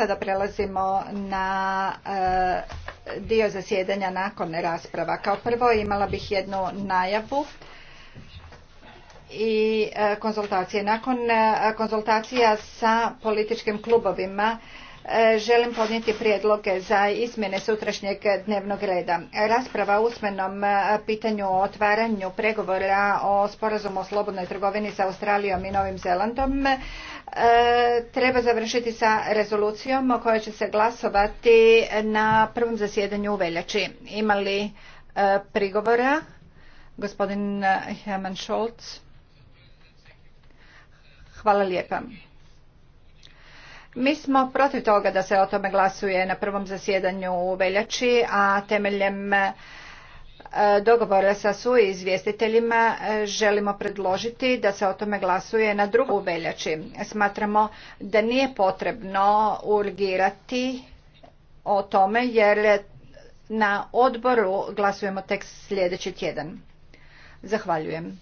Sada prelazimo na e, dio zasjedanja nakon rasprava. Kao prvo imala bih jednu najavu i e, konzultacije. Nakon e, konzultacija sa političkim klubovima želim podnijeti prijedloge za izmjene sutrašnjeg dnevnog reda. Rasprava o usmenom e, pitanju o otvaranju pregovora o sporazumu o slobodnoj trgovini sa Australijom i Novim Zelandom e, treba završiti sa rezolucijom o kojoj će se glasovati na prvom zasjedanju u veljači. Ima li e, prigovora? Gospodin Herman Scholz. Hvala lijepa. Mi smo protiv toga da se o tome glasuje na prvom zasjedanju u veljači, a temeljem e, dogovora sa izvjestiteljima e, želimo predložiti da se o tome glasuje na drugu veljači. Smatramo da nije potrebno urgirati o tome jer na odboru glasujemo tek sljedeći tjedan. Zahvaljujem.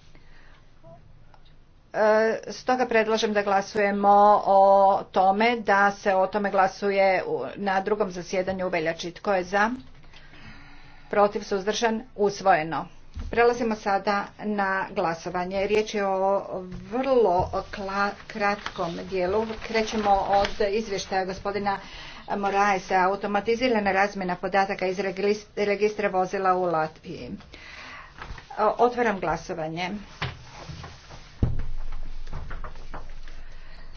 E, stoga predlažem da glasujemo o tome, da se o tome glasuje na drugom zasjedanju u veljači. Tko je za? Protiv suzdržan? Usvojeno. Prelazimo sada na glasovanje. Riječ je o vrlo kratkom dijelu. Krećemo od izvještaja gospodina Moraesa, automatizirana razmjena podataka iz registra vozila u Latviji. Otvaram glasovanje.